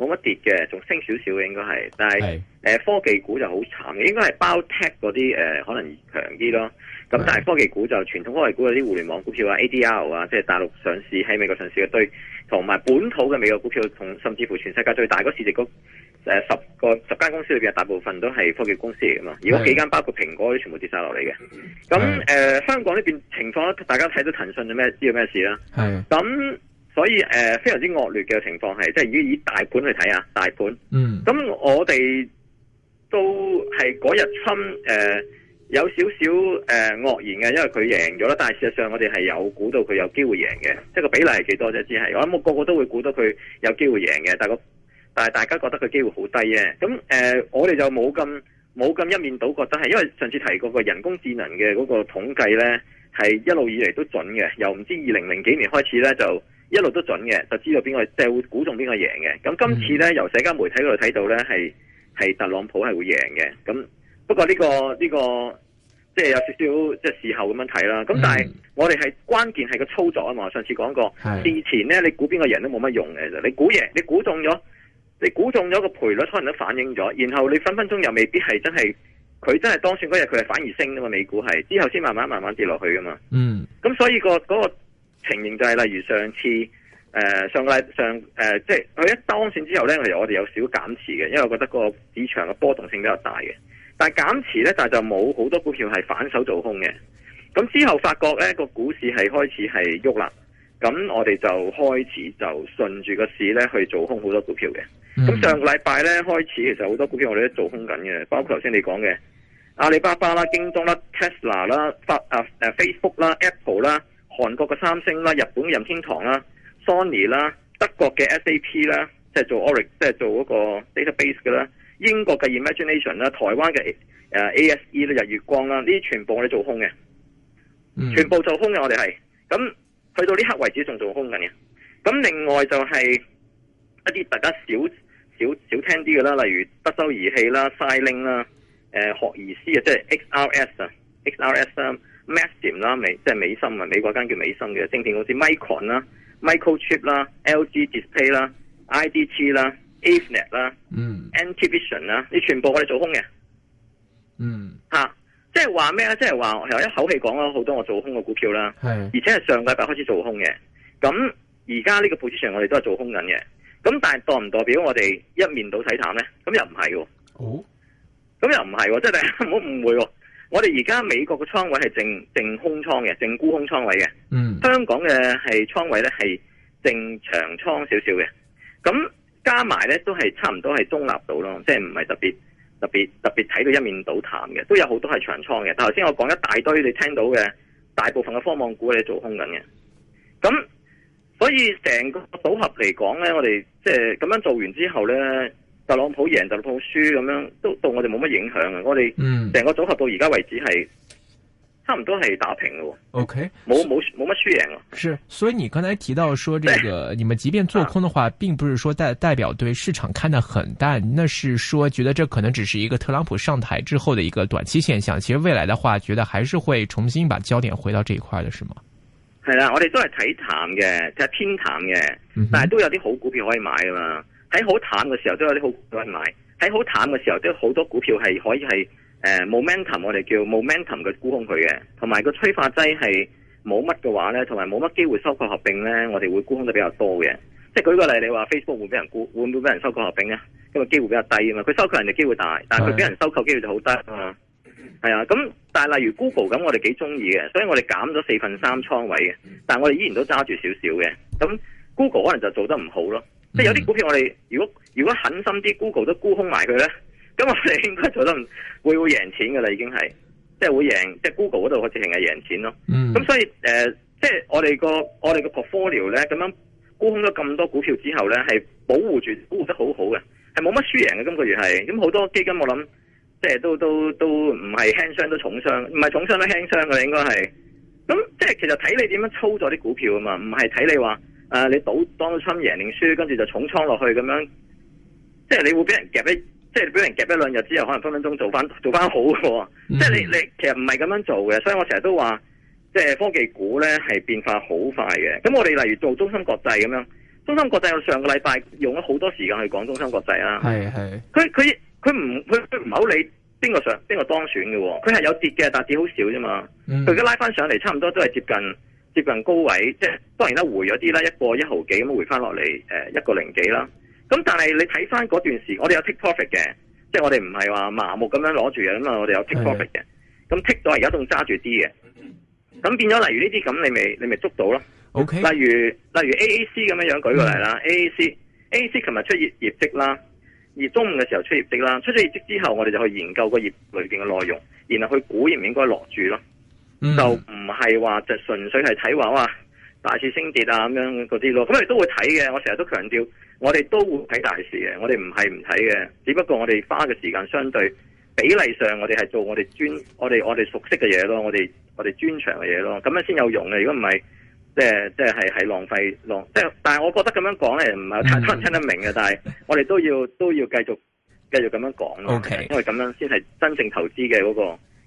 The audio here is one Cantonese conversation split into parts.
冇乜跌嘅，仲升少少嘅應該係，但係是的、呃、科技股就好慘嘅，應該係 Biotech 嗰啲可能強啲咯。咁是的 但係科技股就傳統科技股嗰啲互聯網股票 R，啊、ADR 啊，即係大陸上市喺美國上市嘅對，同埋本土嘅美國股票同甚至乎全世界最大嗰市值個、呃、十個十間公司裏邊，大部分都係科技公司嚟噶嘛。如果是的 幾間包括蘋果都全部跌晒落嚟嘅，咁、嗯、誒是的、呃、香港呢邊情況大家睇到騰訊有咩知道咩事啦？咁是的。所以誒、呃，非常之惡劣嘅情況係，即係如果以大盤去睇啊，大盤。嗯。咁我哋都係嗰日侵，誒、呃、有少少誒、呃、惡言嘅，因為佢贏咗啦。但係事實上我哋係有估到佢有機會贏嘅，即係個比例係幾多啫？只係我諗，我個個都會估到佢有機會贏嘅，但係個但係大家覺得佢機會好低嘅。咁誒、呃，我哋就冇咁冇咁一面倒，覺得係因為上次提過個人工智能嘅嗰個統計咧，係一路以嚟都準嘅，又唔知二零零幾年開始咧就。一路都準嘅，就知道邊個即係、會估中邊個贏嘅。咁今次呢，mm. 由社交媒體嗰度睇到呢，係係特朗普係會贏嘅。咁不過呢、呢個呢、呢個即係、即係、有少少即係事後咁樣睇啦。咁但係我哋係、mm. 關鍵係個操作啊嘛。我上次講過，的事前呢，你估邊個贏都冇乜用嘅。你估贏，你估中咗，你估中咗個賠率可能都反映咗。然後你分分鐘又未必係真係佢真係當選嗰日，佢係反而升啊嘛。美股係之後先慢慢慢慢跌落去噶嘛。嗯。咁所以個、嗰、嗰個。情形就係例如上次，誒、呃、上個禮上誒、呃，即係佢一當選之後咧，我哋有少少減持嘅，因為我覺得個市場嘅波動性比較大嘅。但係減持咧，但係就冇好多股票係反手做空嘅。咁之後發覺咧，個股市係開始係喐啦。咁我哋就開始就順住個市咧去做空好多股票嘅。咁、嗯、上個禮拜咧開始，其實好多股票我哋都做空緊嘅，包括頭先你講嘅阿里巴巴啦、京東啦、Tesla 啦、發啊誒 Facebook 啦、Apple 啦。韓國嘅三星啦、日本任天堂啦、Sony 啦、德國嘅 SAP 啦，即係做 Oracle 即係做嗰個 database 嘅啦，英國嘅 Imagination 啦，台灣嘅誒 ASE 啦，日月光啦，呢啲全部我哋做空嘅，嗯、全部做空嘅我哋係，咁去到呢刻為止仲做空緊嘅，咁另外就係一啲大家少少少聽啲嘅啦，例如德州儀器啦、Siling 啦、呃、誒學而思啊，即係 XRS 啊、XRS 啊。Maxim 啦美即係美心，啊，美國間叫美心嘅證券公司。Micron 啦，Microchip 啦，LG Display 啦，IDT 啦，Apt 啦，Antivision 啦，你全部我哋做空嘅。嗯，吓，即係話咩啊？即係話我一口氣講咗好多我做空嘅股票啦。係是，而且係上禮拜開始做空嘅。咁而家呢個 position 我哋都係做空緊嘅。咁但係代唔代表我哋一面倒睇淡咧？咁又唔係嘅。咁、哦、又唔係，即係大家唔好誤會。我哋而家美國嘅倉位係淨淨空倉嘅，淨沽空倉位嘅。嗯，香港嘅係倉位咧係淨長倉少少嘅。咁加埋咧都係差唔多係中立到咯，即係唔係特別特別特別睇到一面倒淡嘅，都有好多係長倉嘅。但頭先我講一大堆你聽到嘅，大部分嘅科網股你做空緊嘅。咁所以成個組合嚟講咧，我哋即係咁樣做完之後咧。特朗普贏，特朗普輸，咁樣，都對我哋冇乜影響，我哋成個組合到而家為止係差唔多係打平嘅，OK，冇冇冇乜輸贏啊！是，所以你剛才提到說，這個你們即便做空的話，並不是說代代表對市場看得很淡，那是說覺得這可能只是一個特朗普上台之後的一個短期現象。其實未來的話，覺得還是會重新把焦點回到這一塊的，是嗎？係啦，我哋都係睇淡嘅，就係偏淡嘅，但係都有啲好股票可以買噶嘛。喺好淡嘅時候都有啲好股票買，喺好淡嘅時候都好多股票係可以係誒 momentum，我哋叫 momentum 嘅沽空佢嘅，同埋個催化劑係冇乜嘅話咧，同埋冇乜機會收購合併咧，我哋會沽空得比較多嘅。即係舉個例子，你話 Facebook 會俾人沽，會唔會俾人收購合併咧？因為機會比較低啊嘛，佢收購人哋機會大，但係佢俾人收購機會就好低啊嘛。係啊的，咁但係例如 Google 咁，我哋幾中意嘅，所以我哋減咗四分三倉位嘅，但係我哋依然都揸住少少嘅。咁 Google 可能就做得唔好咯。即係有啲股票我哋如果如果狠心啲，Google 都沽空埋佢咧，咁我哋應該就都會會贏錢噶啦，已經係即係會贏，即係 Google 嗰度我直情係贏錢咯。咁、嗯、所以誒、呃，即係我哋個我哋個 portfolio 咧，咁樣沽空咗咁多股票之後咧，係保護住沽得好好嘅，係冇乜輸贏嘅，今個月係。咁好多基金我諗即係都都都唔係輕傷都重傷，唔係重傷都輕傷嘅應該係。咁即係其實睇你點樣操作啲股票啊嘛，唔係睇你話。誒、啊，你賭當到倉贏定輸，跟住就重倉落去咁樣，即係你會俾人夾一，即係俾人夾一兩日之後，可能分分鐘做翻做翻好喎。嗯、即係你你其實唔係咁樣做嘅，所以我成日都話，即係科技股咧係變化好快嘅。咁我哋例如做中芯國際咁樣，中芯國際我上個禮拜用咗好多時間去講中芯國際啦。係係是是。佢佢佢唔佢佢唔係好理邊個上邊個當選嘅，佢係有跌嘅，但跌好少啫嘛。佢而家拉翻上嚟，差唔多都係接近。接近高位，即係當然啦，回咗啲啦，一個一毫幾咁回翻落嚟，誒一個零幾啦。咁但係你睇翻嗰段時，我哋有 take profit 嘅，即係我哋唔係話麻木咁樣攞住啊，咁我哋有 take profit 嘅，咁的 tick 到而家仲揸住啲嘅。咁變咗，例如呢啲咁，你咪你咪捉到咯。OK，例如例如 AAC 咁樣樣舉過嚟啦、嗯、，AAC AAC 琴日出業業績啦，而中午嘅時候出業績啦，出咗業績之後，我哋就去研究個業裏邊嘅內容，然後去估應唔應該落注咯。就唔係話就純粹係睇話哇大市升跌啊咁樣嗰啲咯，咁佢都會睇嘅。我成日都強調，我哋都會睇大市嘅。我哋唔係唔睇嘅，只不過我哋花嘅時間相對比例上我我，我哋係做我哋專我哋我哋熟悉嘅嘢咯，我哋我哋專長嘅嘢咯。咁樣先有用嘅。如果唔係，即係即係浪費浪。即但係我覺得咁樣講咧唔係太聽得明嘅。 但係我哋都要都要繼續繼續咁樣講，Okay. 因為咁樣先係真正投資嘅嗰、嗰個。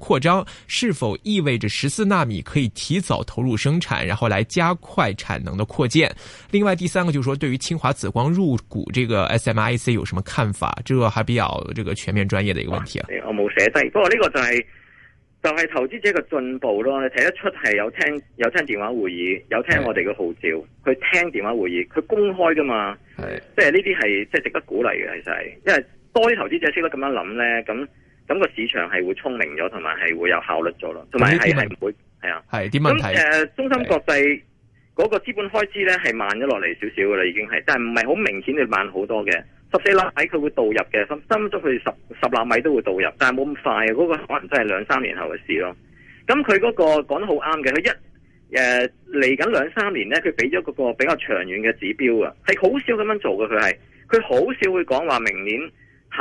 擴張是否意味着十四納米可以提早投入生產，然後來加快產能的擴建？另外，第三個就是說，對於清華紫光入股這個 SMIC 有什麼看法？這個還比較這個全面專業的一個問題啊。我冇寫低，不過呢個就係、是、就係、是、投資者嘅進步咯。你睇得出係有聽有聽電話會議，有聽我哋嘅號召，去是聽電話會議，佢公開㗎嘛？係是，即係呢啲係即係值得鼓勵嘅，其實係，因為多啲投資者識得咁樣諗咧，咁。咁個市場係會聰明咗，同埋係會有效率咗咯，同埋係係唔會係啊，係點咁誒，中芯國際嗰個資本開支咧係慢咗落嚟少少噶啦，已經係，但係唔係好明顯地慢好多嘅。十四粒米佢會導入嘅，甚至佢十十粒米都會導入，但係冇咁快啊。嗰個可能真係兩三年後嘅事咯。咁佢嗰個講得好啱嘅，佢一誒嚟緊兩三年咧，佢俾咗嗰個比較長遠嘅指標啊，係好少咁樣做嘅。佢係佢好少會講話明年。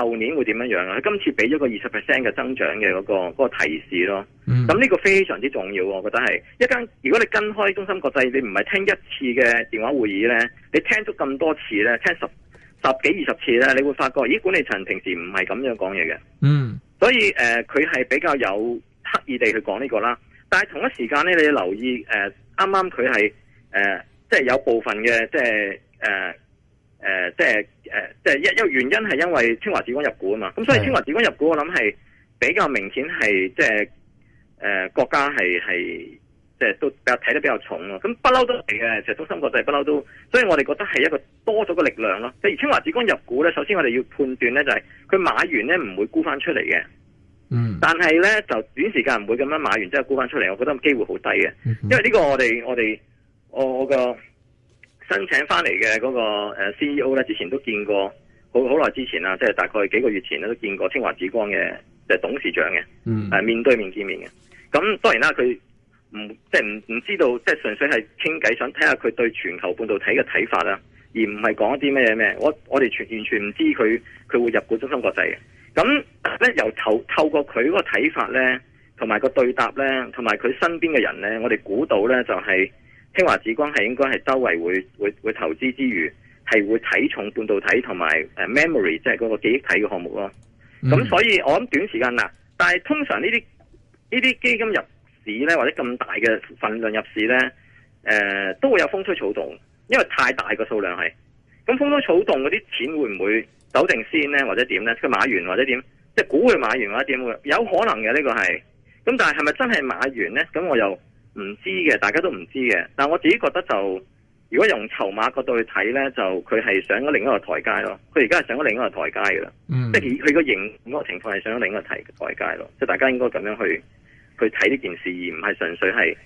後年會點樣樣啊？佢今次俾咗個二十 percent 嘅增長嘅嗰、嗰個嗰個提示咯。咁呢、嗯、個非常之重要，我覺得係一間。如果你跟開中心國際，你唔係聽一次嘅電話會議咧，你聽咗咁多次咧，聽十十幾二十次咧，你會發覺咦，管理層平時唔係咁樣講嘢嘅。嗯，所以誒，佢、呃、係比較有刻意地去講呢、呢個啦。但係同一時間咧，你要留意誒，啱啱佢係誒，即係、呃即係、有部分嘅，即係誒。呃誒、呃，即係誒、呃，即係一一個原因係因為清華紫光入股啊嘛，咁所以清華紫光入股，我諗係比較明顯係即係誒、呃、國家係係即係都比較睇得比較重咯、啊。咁不嬲都嚟嘅，其實中心國際不嬲都，所以我哋覺得係一個多咗個力量咯、啊。即係清華紫光入股咧，首先我哋要判斷咧就係佢買完咧唔會沽翻出嚟嘅。嗯，但呢，但係咧就短時間唔會咁樣買完之後沽翻出嚟，我覺得機會好低嘅，因為呢個我哋我哋我個。我申請翻嚟嘅嗰個誒，C E O 咧，之前都見過，好好耐之前啦，即係大概幾個月前咧都見過清華紫光嘅誒董事長嘅，誒、嗯、面對面見面嘅。咁當然啦，佢唔即係唔唔知道，即係純粹係傾偈，想睇下佢對全球半導體嘅睇法啦，而唔係講一啲咩嘢咩嘢。我我哋全完全唔知佢佢會入股中芯國際嘅。咁咧由透透過佢個睇法咧，同埋個對答咧，同埋佢身邊嘅人咧，我哋估到咧就係。清華紫光係應該係周圍會會會投資之餘，係會睇重半導體同埋誒 memory，即係嗰個記憶體嘅項目咯。咁、嗯、所以我諗短時間嗱，但係通常呢啲呢啲基金入市咧，或者咁大嘅份量入市咧，誒、呃、都會有風吹草動，因為太大個數量係。咁風吹草動嗰啲錢會唔會走定先咧，或者點咧？佢買完或者點？即係估佢買完或者點？有可能嘅呢個係。咁但係係咪真係買完咧？咁我又。唔知嘅，大家都唔知嘅。但係我自己覺得就，如果用籌碼角度去睇咧，就佢係上咗另一個台階咯。佢而家係上咗另一個台階嘅啦，嗯、即係佢個形嗰個情況係上咗另一個台台階咯。即係大家應該咁樣去去睇呢件事，而唔係純粹係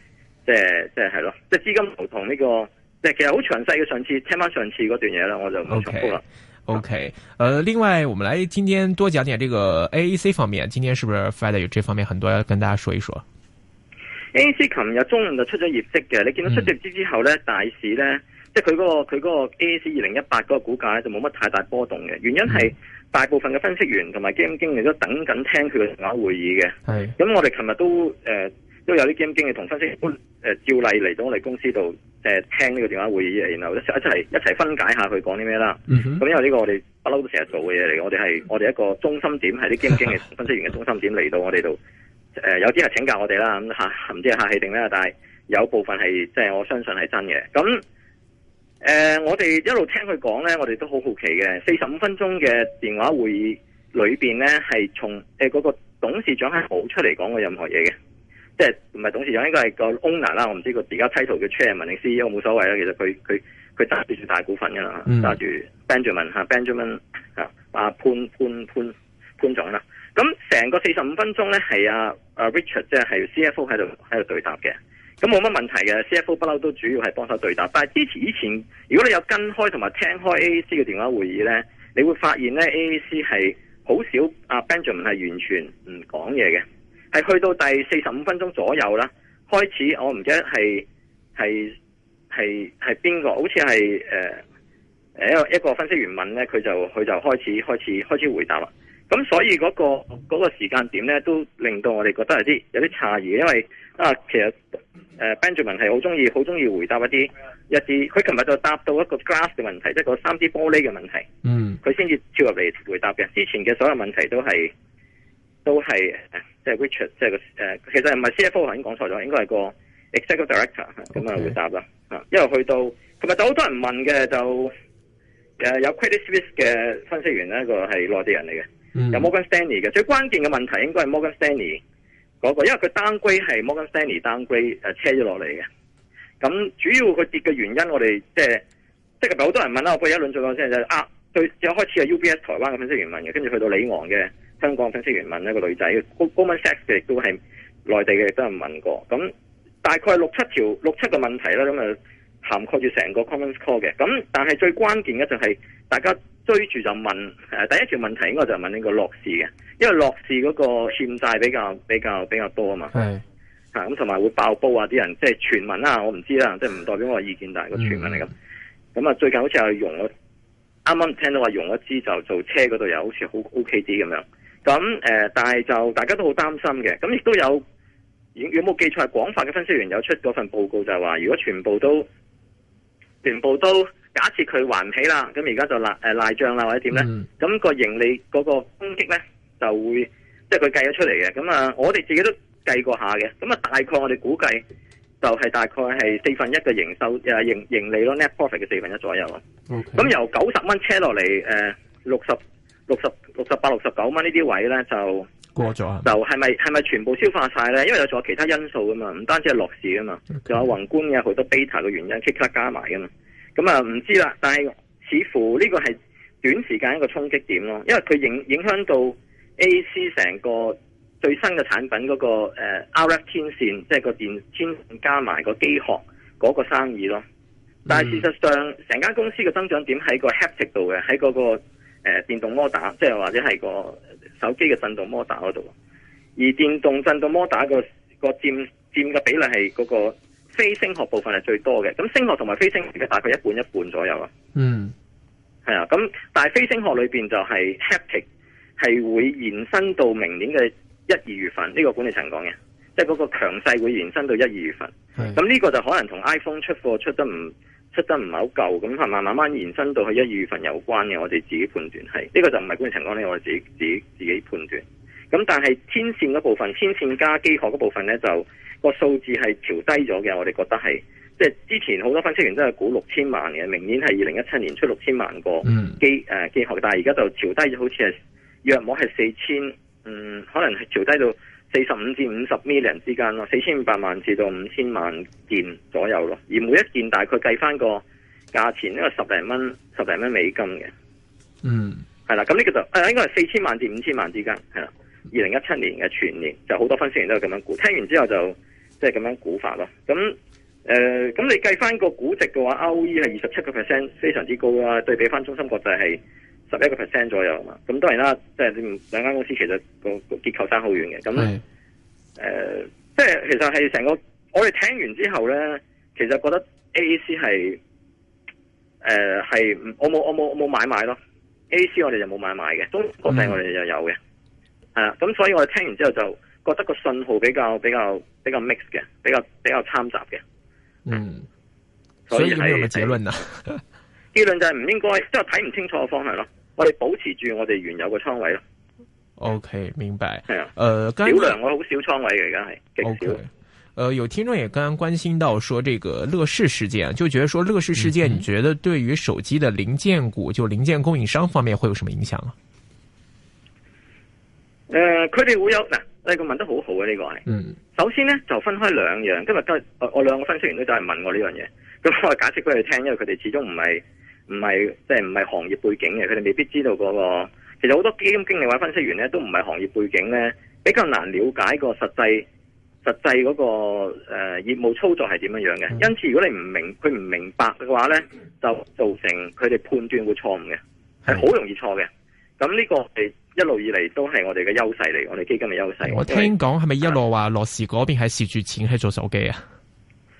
即係即係係咯。即係資金流同呢、這個，即係其實好詳細嘅上次，聽翻上次嗰段嘢啦，我就冇重複啦。Okay. OK，呃，另外，我們來今天多講點呢個 AEC 方面，今天是不是 Fred 有這方面很多要跟大家說一說？A. C. 琴日中午就出咗業績嘅，你見到出咗業績之後咧，嗯、大市咧，即係佢嗰個佢個 A. C. 二零一八嗰個股價咧就冇乜太大波動嘅，原因係大部分嘅分析員同埋基金經理都等緊聽佢嘅電話會議嘅。係、嗯，咁我哋琴日都誒、呃、都有啲基金經理同分析員誒照例嚟到我哋公司度誒、呃、聽呢個電話會議，然後一齊一齊一齊分解下佢講啲咩啦。咁因為呢個我哋不嬲都成日做嘅嘢嚟，我哋係我哋一個中心點係啲基金經理、分析員嘅中心點嚟到我哋度。哈哈哈哈誒，有啲係請教我哋啦，咁吓唔知係客氣定咧，但係有部分係即係我相信係真嘅。咁誒、呃，我哋一路聽佢講咧，我哋都好好奇嘅。四十五分鐘嘅電話會議裏邊咧，係從誒嗰個董事長係冇出嚟講過任何嘢嘅，即係唔係董事長應該係個 owner 啦。我唔知個而家 title 嘅 chairman 定 CEO 冇所謂啦。其實佢佢佢揸住住大股份噶啦，揸住 Benjamin、嗯、Benjamin Benjamin 嚇阿潘潘潘潘總啦。咁成個四十五分鐘呢，係啊啊 Richard 即係 CFO 喺度喺度對答嘅，咁冇乜問題嘅。CFO 不嬲都主要係幫手對答。但係之前以前，如果你有跟開同埋聽開 AAC 嘅電話會議呢，你會發現呢 AAC 係好少阿啊 Benjamin 係完全唔講嘢嘅，係去到第四十五分鐘左右啦，開始我唔記得係係係係邊個，好似係誒一個分析員問咧，佢就佢就開始開始開始回答啦。咁所以嗰、那個嗰、那個時間點咧，都令到我哋覺得有啲有啲詫異，因為啊，其實誒、呃、Benjamin 係好中意好中意回答一啲一啲，佢琴日就答到一個 glass 嘅問題，即、就、係、是、個三 D 玻璃嘅問題。嗯，佢先至跳入嚟回答嘅，之前嘅所有問題都係都係即係、就是、Richard，即、就、係、是、個、呃、其實唔係 CFO，係應該講錯咗，應該係個 executive director 咁啊 Okay. 回答啦，因為去到琴日就好多人問嘅就。誒有 Credit Suisse 嘅分析員咧，個係內地人嚟嘅，嗯、有 Morgan Stanley 嘅。最關鍵嘅問題應該係 Morgan Stanley 嗰、那個，因為佢 downgrade 係 Morgan Stanley downgrade 車咗落嚟嘅。咁、呃、主要佢跌嘅原因我，我哋即係即係咪好多人問啦，我過一輪再講先。就係、啊，最一開始係 UBS 台灣嘅分析員問嘅，跟住去到李昂嘅香港分析員問呢個女仔嘅，高、Goldman Sachs 嘅亦都係內地嘅，都係問過。咁大概六七條六七個問題啦，咁啊。涵括住成個 conference call 嘅，咁但係最關鍵嘅就係大家追住就問，誒第一條問題應該就係問呢個樂視嘅，因為樂視嗰個欠債比較比較比較多啊嘛，係吓。咁同埋會爆煲啊啲人，即係傳聞啦，我唔知啦，即係唔代表我嘅意見，但係個傳聞嚟㗎。咁啊、嗯、最近好似係融咗，啱啱聽到話融咗支就做車嗰度又好似好 OK 啲咁樣，咁誒但係就大家都好擔心嘅，咁亦都有有冇記錯？廣發嘅分析員有出嗰份報告就係話，如果全部都。全部都假設佢還唔起啦，咁而家就賴誒、呃、賴帳啦或者點咧？咁、嗯、個盈利嗰個攻擊咧就會，即係佢計咗出嚟嘅。咁啊，我哋自己都計過下嘅。咁啊，大概我哋估計就係大概係四分一嘅營收盈盈、呃、利咯，net profit 嘅四分一左右。咁 Okay. 由九十蚊車落嚟誒六十六十六十八六十九蚊呢啲位咧就。過咗就係咪係咪全部消化晒咧？因為有仲有其他因素噶嘛，唔單止係落市啊嘛，仲 Okay. 有宏觀嘅好多 beta 嘅原因即刻加埋噶嘛。咁啊唔知啦，但係似乎呢個係短時間一個衝擊點咯，因為佢影影響到 AC 成個最新嘅產品嗰個誒 RF 天線，即係個電天線加埋個機殼嗰個生意咯。嗯、但係事實上，成間公司嘅增長點喺個 haptic 度嘅，喺嗰個誒電動摩打，即係或者係個。手機嘅震動摩打嗰度，而電動震動摩打個個佔佔嘅比例係嗰個非聲學部分係最多嘅，咁聲學同埋非聲學嘅大概一半一半左右、嗯、啊。嗯，係啊，咁但係非聲學裏邊就係 Haptic 係會延伸到明年嘅一二月份，呢、呢個管理層講嘅，即係嗰個強勢會延伸到一二月份。咁呢是 個就可能同 iPhone 出貨出得唔？出得唔係好夠，咁係慢慢延伸到去一二月份有關嘅？我哋自己判斷係，呢、這個就唔係官方情況，呢我哋自己自己自己判斷。咁、嗯、但係天線嗰部分，天線加機學嗰部分咧，就個數字係調低咗嘅。我哋覺得係，即係之前好多分析員都係估六千萬嘅，明年係二零一七年出六千萬個機誒機殼，但係而家就調低咗，好似係約我係四千，4, 000, 嗯，可能係調低到。四十五至五十 million 之間咯，四千五百萬至到五千萬件左右咯，而每一件大概計翻個價錢，呢、這個十零蚊、十零蚊美金嘅。嗯是的，係啦，咁呢個就誒、啊，應該係四千萬至五千萬之間，係啦。二零一七年嘅全年就好多分析員都係咁樣估，聽完之後就即係咁樣估法咯。咁誒，咁、呃、你計翻個估值嘅話，ROE 係二十七個 percent，非常之高啊。對比翻中芯國際係。十一個 percent 左右嘛，咁當然啦，即係兩間公司其實個結構差好遠嘅。咁誒是、呃，即係其實係成個我哋聽完之後咧，其實覺得 A A C 係誒係我冇我冇冇買賣咯，A A C 我哋就冇買賣嘅，中芯國際我哋就有嘅。係啦、嗯，咁、啊、所以我哋聽完之後就覺得個信號比較比較比較 mixed 嘅，比較比較參雜嘅。的嗯，所以,是所以有有就有個結論啦。結論就係唔應該，即係睇唔清楚個方向咯。我哋保持住我哋原有嘅倉位咯。O、okay, K，明白。係啊，誒、呃，少我好少倉位嘅而家係，極少。誒、okay, 呃，有聽眾也剛剛關心到說，這個樂視事件，就覺得說樂視事件，你覺得對於手機的零件股，嗯、就零件供應商方面會有什麼影響啊？誒、呃，佢哋會有嗱，呢、呃這個問得好好啊，呢、這個係。嗯。首先呢就分開兩樣，今日都我、呃、我兩個分析員都都係問我呢樣嘢，咁我解釋俾你聽，因為佢哋始終唔係。唔係即係唔係行業背景嘅，佢哋未必知道嗰、那個。其實好多基金經理或者分析員咧，都唔係行業背景咧，比較難了解個實際實際嗰、那個誒、呃、業務操作係點樣樣嘅。因此如果你唔明佢唔明白嘅話咧，就造成佢哋判斷會錯誤嘅，係好的容易錯嘅。咁呢個係一,一路以嚟都係我哋嘅優勢嚟，我哋基金嘅優勢。我聽講係咪一路話羅氏嗰邊係蝕住錢喺做手機啊？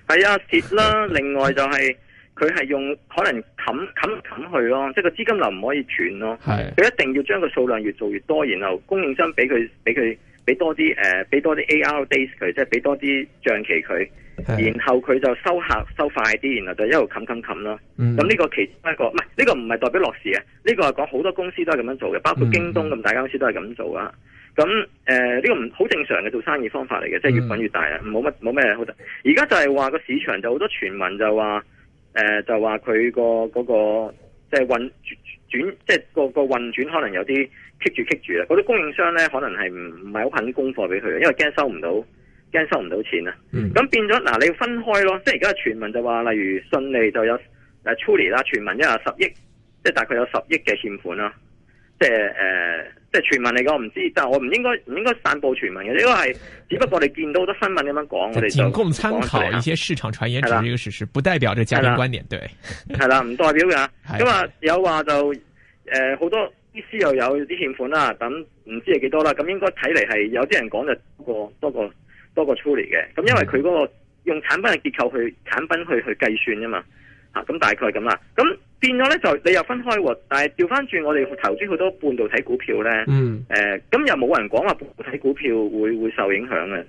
係啊，蝕啦。另外就係、是。佢係用可能冚冚冚去咯，即係個資金流唔可以斷咯。佢的一定要將個數量越做越多，然後供應商俾佢俾佢俾多啲誒，俾、呃、多啲 AR days 佢，即係俾多啲帳期佢。的然後佢就收客收快啲，然後就一路冚冚冚啦。咁呢、嗯、個其中一個，唔係呢個唔係代表樂視嘅，呢、這個係講好多公司都係咁樣做嘅，包括京東咁大間公司都係咁做啊。咁誒呢個唔好正常嘅做生意方法嚟嘅，即係越滾越大啊，冇乜冇咩好得。而家就係話個市場就好多傳聞就話。誒、呃，就話佢、那個嗰、那個即係運轉，即、就、係、是就是、個個運轉可能有啲棘住棘住啦。嗰啲供應商咧，可能係唔唔係好肯供貨俾佢啊，因為驚收唔到，驚收唔到錢、嗯、啊。咁變咗，嗱你要分開咯。即係而家傳聞就話，例如信利就有啊 Truly 啦，傳聞因為十億，即、就、係、是、大概有十億嘅欠款啦。即係誒，即係傳聞嚟噶，我唔知，但係我唔應該唔應該散布傳聞嘅，呢個係只不過我哋見到好多新聞咁樣講， 我哋僅供參考，一些市場傳言，只是一個事實，的不代表這嘉賓觀點，對，係啦的，唔 代表噶，咁啊的有話就誒，好、呃、多意思又有啲欠款啦，等唔知係幾多啦，咁應該睇嚟係有啲人講就多過多過粗嚟嘅，咁因為佢嗰個用產品嘅結構去產品去去計算啊嘛。啊，咁大概咁啦，咁變咗咧就你又分開，但係調翻轉我哋投資好多半導體股票咧，誒、嗯呃，咁又冇人講話半導體股票會會受影響嘅，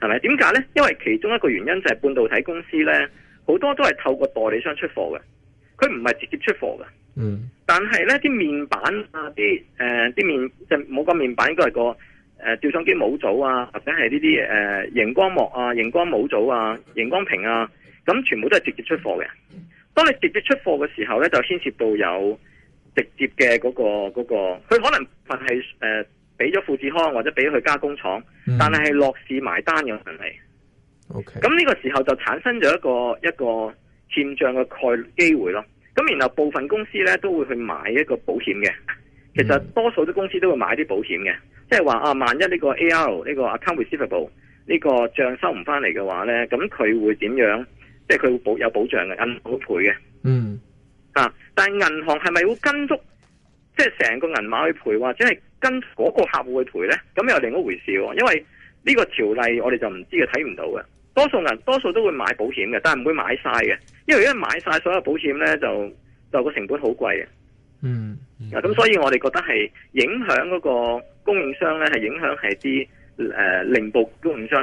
係咪？點解咧？因為其中一個原因就係半導體公司咧，好多都係透過代理商出貨嘅，佢唔係直接出貨嘅。嗯但呢，但係咧啲面板啊，啲啲、呃、面就冇、是、個面板應該係個誒照相機模組啊，或者係呢啲誒熒光幕啊、熒光模組啊、熒光屏啊，咁全部都係直接出貨嘅。當你直接出貨嘅時候咧，就牽涉到有直接嘅嗰、嗰個佢、嗰個、可能係誒俾咗富士康或者俾咗佢加工廠，嗯、但係落市埋單嘅問題。O K. 咁呢個時候就產生咗一個一個欠帳嘅概率機會咯。咁然後部分公司咧都會去買一個保險嘅。其實多數啲公司都會買啲保險嘅，即係話啊，萬一呢個 AR 呢個 account receivable 呢個帳收唔翻嚟嘅話咧，咁佢會點樣？即係佢會保有保障嘅，銀行會賠嘅。嗯，啊，但係銀行係咪會跟足，即係成個銀碼去賠，或者係跟嗰個客戶去賠呢？咁又另一回事。因為呢個條例我哋就唔知嘅，睇唔到嘅。多數人多數都會買保險嘅，但係唔會買晒嘅，因為因為買晒所有保險呢，就就個成本好貴嘅。嗯咁、啊、所以我哋覺得係影響嗰個供應商呢，係影響係啲誒零部件供應商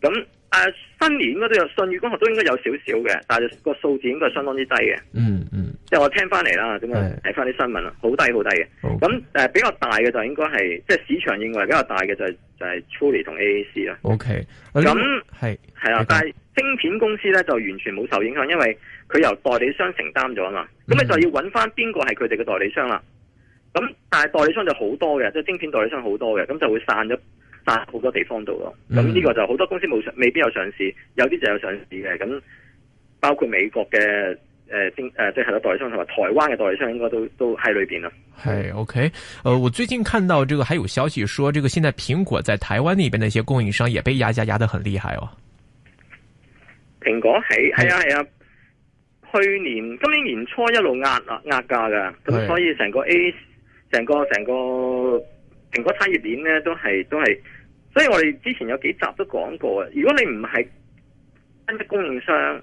咁。嗯誒，新年應該都有，信譽光學都應該有少少嘅，但係個數字應該係相當之低嘅、嗯。嗯嗯，即係我聽翻嚟啦，咁啊睇翻啲新聞啦，低低好低好低嘅。咁誒、呃、比較大嘅就應該係，即係市場認為比較大嘅就是、就係、是、Truly 同 A A C 啦。O K，咁係係啦，但係晶片公司咧就完全冇受影響，因為佢由代理商承擔咗啊嘛。咁、嗯、你就要揾翻邊個係佢哋嘅代理商啦。咁但係代理商就好多嘅，即係晶片代理商好多嘅，咁就會散咗。但好多地方度咯，咁呢個就好多公司冇上，未必有上市，嗯、有啲就有上市嘅，咁包括美國嘅誒經誒即係個代理商同埋台灣嘅代理商，理商應該都都喺裏邊啦。係，OK，誒、呃，我最近看到這個，還有消息說，這個現在蘋果在台灣那邊的一些供應商也被壓價壓得很厲害哦。蘋果係係啊係啊，啊是去年今年年初一路壓啦壓價噶，咁是所以成個 A 成個成個蘋果產業鏈咧都係都係。所以我哋之前有幾集都講過如果你唔係新的供應商，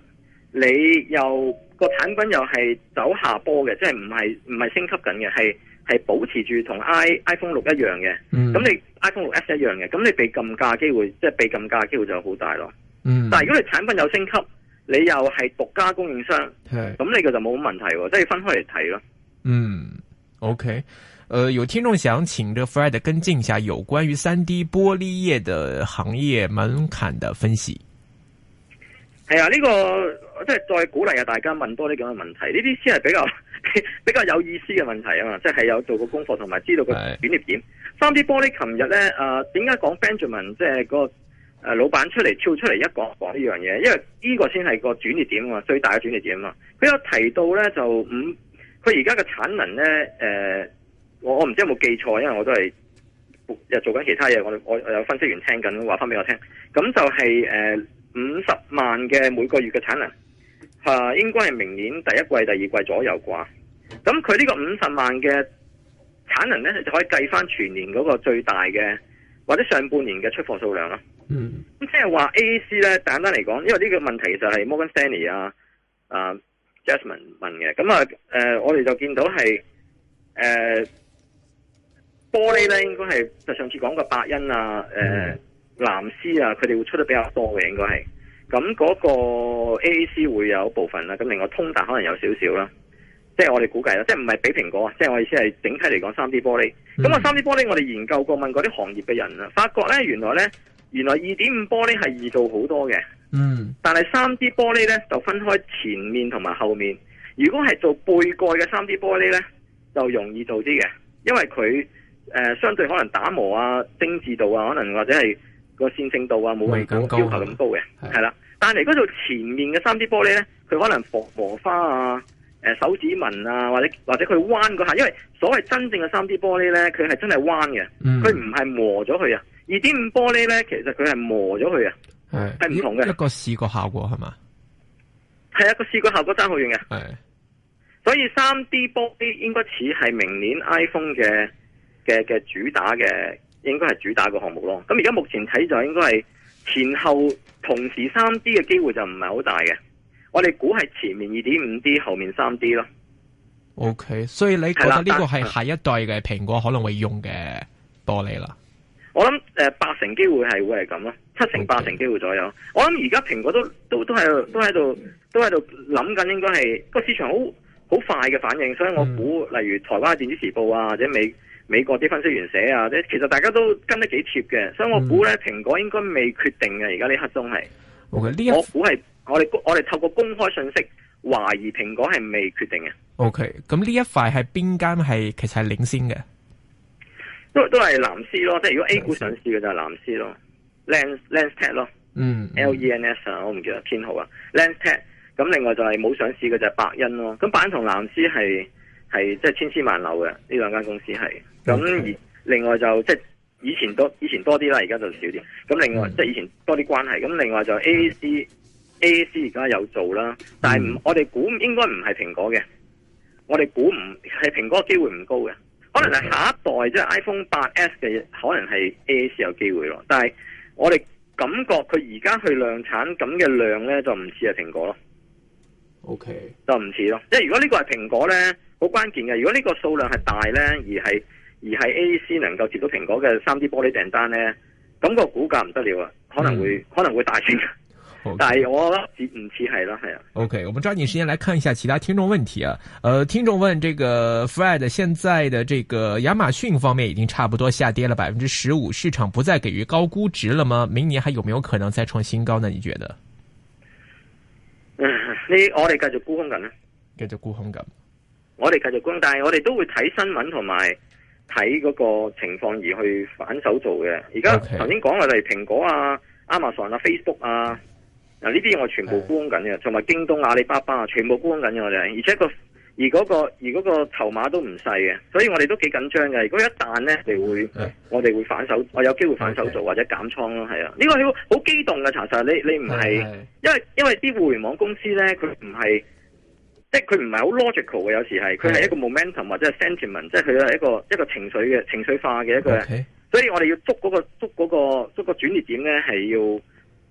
你又個產品又係走下坡嘅，即係唔係唔係升級緊嘅，係係保持住同 i iPhone 六一樣嘅，咁、嗯、你 iPhone 六 S 一樣嘅，咁你被撳價機會即係被撳價機會就好大咯。嗯、但係如果你產品有升級，你又係獨家供應商，係咁是你個就冇問題喎，即係分開嚟睇咯。嗯，OK。呃有聽眾想請這 Fred 跟進一下有關於三 D 玻璃業的行業門檻的分析。係啊，呢、這個即係再鼓勵下大家問多啲咁嘅問題，呢啲先係比較比,比較有意思嘅問題啊嘛，即係有做過功課同埋知道個轉捩點。三是 D 玻璃琴日咧，誒，點、呃、解講 Benjamin 即係個誒老闆出嚟跳出嚟一講講呢樣嘢？因為呢個先係個轉捩點啊嘛，最大嘅轉捩點啊嘛。佢有提到呢就五，佢而家嘅產能呢誒。呃我我唔知有冇記錯，因為我都係又做緊其他嘢，我我有分析員聽緊，話翻俾我聽。咁就係誒五十萬嘅每個月嘅產能，吓、啊、應該係明年第一季、第二季左右啩。咁佢呢個五十萬嘅產能咧，就可以計翻全年嗰個最大嘅或者上半年嘅出貨數量咯。嗯，咁即係話 A A C 咧，簡單嚟講，因為呢個問題就係 Morgan Stanley 啊，啊 Jasmine 問嘅。咁啊，誒、呃、我哋就見到係誒。呃玻璃咧，應該係就上次講過伯恩啊、誒、呃、藍思啊，佢哋會出得比較多嘅，應該係。咁嗰個 AAC 會有部分啦，咁另外通達可能有少少啦。即係我哋估計啦，即係唔係比蘋果啊，即係我意思係整體嚟講三 D 玻璃。咁個三 D 玻璃我哋研究過，問過啲行業嘅人啦，發覺咧原來咧，原來二點五玻璃係易做好多嘅。嗯。但係三 D 玻璃咧就分開前面同埋後面。如果係做背蓋嘅三 D 玻璃咧，就容易做啲嘅，因為佢。誒、呃，相對可能打磨啊、精致度啊，可能或者係個線性度啊，冇咁高要求咁高嘅，係啦、嗯嗯。但係嗰度前面嘅三 D 玻璃呢，佢可能磨磨花啊，誒、呃、手指紋啊，或者或者佢彎嗰下，因為所謂真正嘅三 D 玻璃呢，佢係真係彎嘅，佢唔係磨咗佢啊。二點五玻璃呢，其實佢係磨咗佢啊，係唔的同嘅一個視覺效果係嘛？係啊，個視覺效果差好遠嘅。係的，所以三 D 玻璃應該似係明年 iPhone 嘅。嘅嘅主打嘅，應該係主打個項目咯。咁而家目前睇就，應該係前後同時三 D 嘅機會就唔係好大嘅。我哋估係前面二點五 D，後面三 D 咯。OK，所以你覺得呢個係下一代嘅蘋果可能會用嘅玻璃啦？我諗誒，八成機會係會係咁咯，七成八成機會左右。Okay. 我諗而家蘋果都都都係都喺度都喺度諗緊，應該係個市場好好快嘅反應。所以我估，嗯、例如台灣嘅電子時報啊，或者美。美國啲分析員寫啊，其實大家都跟得幾貼嘅，所以我估咧蘋果應該未決定嘅。而家呢刻鐘係。OK，我估係我哋我哋透過公開信息懷疑蘋果係未決定嘅。O K，咁呢一塊係邊間係其實係領先嘅？都都係藍思咯，即係如果 A 股上市嘅就係藍思咯，Lens Lens Tech 咯，嗯，L E N S 啊，我唔記得編號啊，Lens Tech。咁另外就係冇上市嘅就係百恩咯。咁白恩同藍思係係即係千絲萬縷嘅呢兩間公司係。咁而另外就即係 Okay. 以前多以前多啲啦，而家就少啲。咁另外即係、mm. 以前多啲關係。咁另外就 A AC，、mm. A C A C 而家有做啦，但係、mm. 我哋估應該唔係蘋果嘅。我哋估唔係蘋果機會唔高嘅。可能係下一代即係 iPhone 八 S 嘅 Okay.，可能係 A A C 有機會咯。但係我哋感覺佢而家去量產咁嘅量呢，就唔似係蘋果咯。O Okay . K，就唔似咯。即係如果呢個係蘋果呢，好關鍵嘅。如果呢個數量係大呢，而係。而係 A. C. 能夠接到蘋果嘅三 D 玻璃訂單咧，咁、那個股價唔得了啊！可能會、嗯、可能會大升嘅。但係我覺得，唔似係啦，係啊。O. K. 我們抓緊時間來看一下其他聽眾問題啊。呃，聽眾問：這個 Fred 現在的這個亞馬遜方面已經差不多下跌了百分之十五，市場不再給予高估值了嗎？明年還有沒有可能再創新高呢？你覺得？嗯，你我哋繼續沽空緊啦，繼續沽空緊。我哋繼續沽空，但係我哋都會睇新聞同埋。睇嗰個情況而去反手做嘅。而家頭先講例如蘋果啊、Amazon 啊、Facebook 啊，嗱呢啲我全部搬緊嘅，同埋的京東、阿里巴巴啊，全部搬緊嘅我哋，而且、嗰個而嗰、嗰個而嗰個籌碼都唔細嘅，所以我哋都幾緊張嘅。如果一旦咧，你哋會 Okay. 我哋會反手，我 Okay. 有機會反手做或者減倉咯，係啊，呢、呢個好好激動嘅查實你，你你唔係，因為因為啲互聯網公司咧，佢唔係。即係佢唔係好 logical 嘅，有時係佢係一個 momentum 或者 sentiment，即係佢係一個一個情緒嘅情緒化嘅一個。Okay. 所以我哋要捉嗰、那個捉嗰、那個捉、那個轉折點咧，係要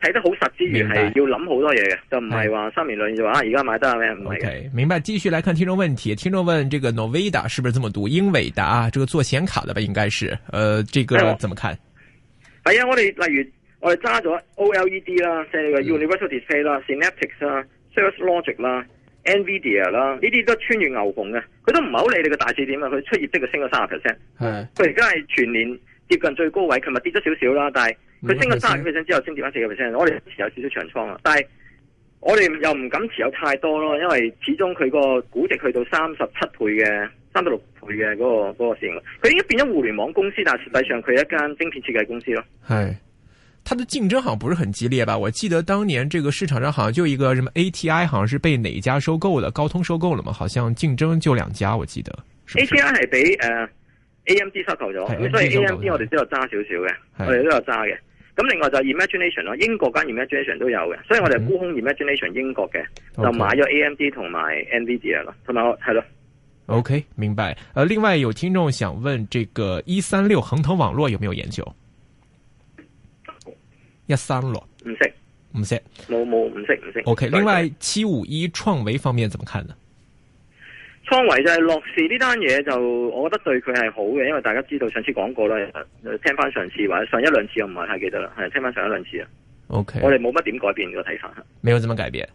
睇得好實之餘，係要諗好多嘢嘅，就唔係話三言兩語就話而家買得係咩？唔係。明白。繼、啊 okay, 續嚟看聽眾問題，聽眾問：，這個 NVIDIA 是不是這麼讀？英偉達，這個做顯卡的吧，應該是。呃，這個怎麼看？係啊、哎，我哋例如我哋揸咗 OLED 啦、嗯，即係個 Universal Display 啦 Synaptics 啦，Cirrus Logic 啦。Nvidia 啦，呢啲都穿越牛熊嘅，佢都唔係好理你個大市點啊！佢出業績就升咗三十 percent，係佢而家係全年接近最高位，琴日跌咗少少啦？但係佢升咗三十幾 percent 之後，升跌翻四個 percent，我哋持有少少長倉啦，但係我哋又唔敢持有太多咯，因為始終佢個估值去到三十七倍嘅，三十六倍嘅嗰、那個嗰、那個線，佢已經變咗互聯網公司，但係實際上佢係一間晶片設計公司咯，係。它的競爭好像不是很激烈吧？我記得當年這個市場上好像就一個什麼 ATI，好像是被哪家收購的？高通收購了嘛？好像競爭就兩家，我記得。ATI 係俾誒 AMD 收購咗，對所以 AMD AM 我哋都有揸少少嘅，對我哋都有揸嘅。咁另外就 Imagination 咯，英國間 Imagination 都有嘅，所以我哋沽空 Imagination、嗯、英國嘅，就買咗 AMD 同埋 NVIDIA 咯 okay，同埋我係咯。OK，明白。呃，另外有聽眾想問這個一三六恒騰網絡有沒有研究？一三六唔識唔識，冇冇唔識唔識。OK，另外對，七五一創維方面怎麼看呢？創維就係樂視呢單嘢就，我覺得對佢係好嘅，因為大家知道上次講過啦，聽翻上，上次或者上一兩次我唔係太記得啦，係聽翻上，上一兩次啊。OK，我哋冇乜點改變個睇法，沒有怎麼改變，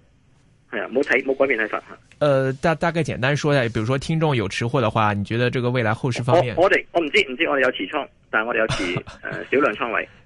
係啊，冇睇冇改變睇法吓。呃，大大概簡單說下，比如說聽眾有持貨嘅話，你覺得這個未來後市方面，我我哋我唔知唔知我哋有持倉，但係我哋有持誒少量倉位。 呃小